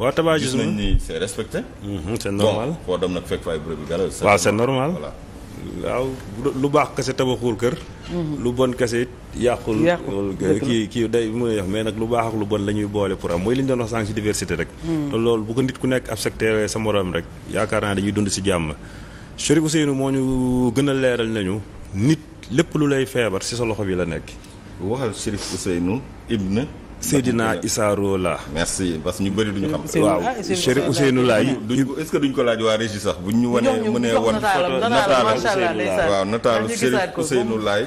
waaw tabagisme gis nañ ni c'est respecté. Mm-hmm, c'est normal bon koo dem nag fekk fay bërëb yi waaw c'est normal waaw lu baax kese tabaxul kër. Mm-hmm. lu bon kese it yàqul. kii kii day mën a yox mais nag lu baax ak lu bon la ñuy boole pour am mooy li ñu doon ci diversité rek. Mm. loolu bu ko nit ku nekk ab secteur sa morom rek yaakaar naa dañuy dund ci jàmm. Chérif Ousseynou moo ñu gën a leeral nañu nit lépp lu lay feebar ci sa loxo bi la nekk. waxal Chérif Ousseynou Seydina Issa Rouhou Laye. merci parce que ñu bëri duñu xam. waaw ah, Chérif Ousseynou Laye. duñ ko est-ce que duñ ko laaj waa Régis sax buñ ñu wanee mënee wan photo nataalu waaw nataalu Chérif Ousseynou Laye.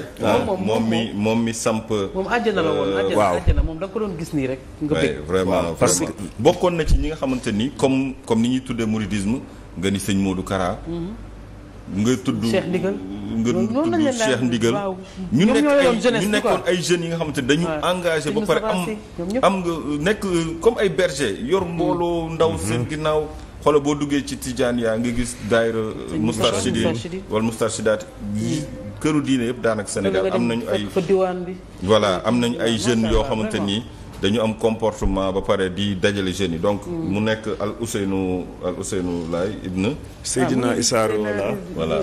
moom mi moom mi samp. Euh, waaw moom da ko doon gis nii rek. vraiment parce bokkoon na ci ñi nga xamante ni comme comme ni ñuy tuddee mouridisme nga ni sëñ Modou Kara. Mhm. nga tudd nga tudd Cheikh Ndigal ñu nekk ay ñu nekkoon ay jeunes yi nga xamante ne dañu engagé ba pare am am nga nekk comme ay berger yor mm-hmm. mbooloo ndaw mm-hmm. seen ginnaaw xoolal boo duggee ci Tijaan yaa ngi gis daayira Moustarchidine wala Moustarchidaat mm-hmm. këru diine yëpp daanaka Sénégal am nañu ay voilà am nañu ay jeunes yoo xamante nii dañu am comportement ba pare di dajale jeunes yi donc mu nekk al Ousseynou al Ousseynou Laye ibna Seydina ah, Issa Rouhou Laye voilà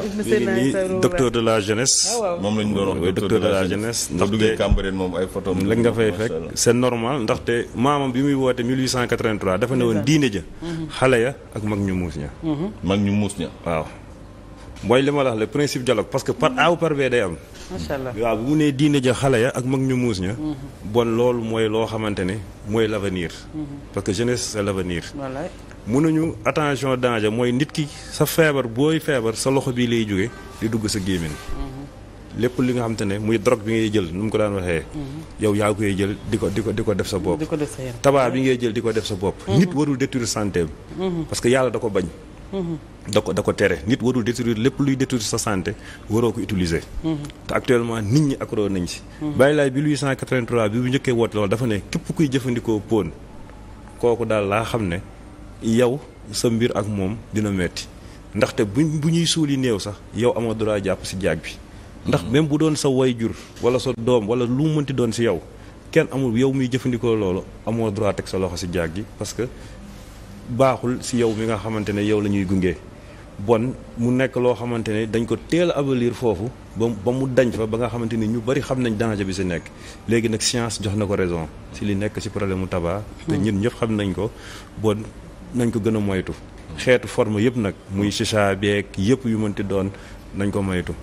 nii ah, docteur de la jeunesse moom la ñu doon wax docteur de la jeunesse ndax duggee Cambérène moom ay photo la nga fay fekk c'est normal ndaxte maamam bi muy woote 1883 dafa ne woon diine ja mhm. xale ya ak mag ñu muus ña mhm. mag ñu muus ña waaw mooy li ma la wax le principe dialogue parce que par A ou par B day am. macha allah waaw bu mu nee diine ja xale ya ak mag ñu muus ña. Mhm. bon loolu mooy loo xamante ne mooy lavenir mhm. parce que jeunesse c' est l' avenir. mënuñu attention danger mooy nit ki sa feebar booy feebar sa loxo bii lay jóge di dugg sa gémmiñ. Mhm. lépp li nga xamante ne muy drogue bi ngay jël nu mu ko daan waxee. yow yaa koy jël di ko di ko di ko def sa bopp. di ko def sa yaram bi ngay jël di ko def sa bopp. nit warul détruire santé parce que yàlla da ko bañ. da ko da ko tere nit warul détruire lépp luy détruire sa santé waroo ko utiliser. te actuellement nit ñi accro nañ si bàyyi laay bi 1883 bi bu njëkkee woote loolu dafa ne képp kuy jëfandikoo pon kooku daal laa xam ne yow sa mbir ak moom dina metti ndaxte buñ bu ñuy suuli néew sax yow amoo droit jàpp si jaag bi. ndax même bu doon sa jur walla sa doom walla lu mu mënti doon si yow kenn amul yow muy jëfandikoo loolu amoo droit teg sa loxo ci jaag gi baaxul si yow mi nga xamante ne yow la ñuy gunge bon mu nekk loo xamante ne dañ ko teel a foofu ba ba mu dañ fa ba nga xamante ni ñu bari xam nañ danger bi si nekk léegi nag science jox na ko raison ci li nekk si problème mu tabac. te ñun ñëpp xam nañ ko bon nañ ko gën a moytu. xeetu forme yëpp nag muy chicha beeg yëpp yu mënti doon nañ ko moytu.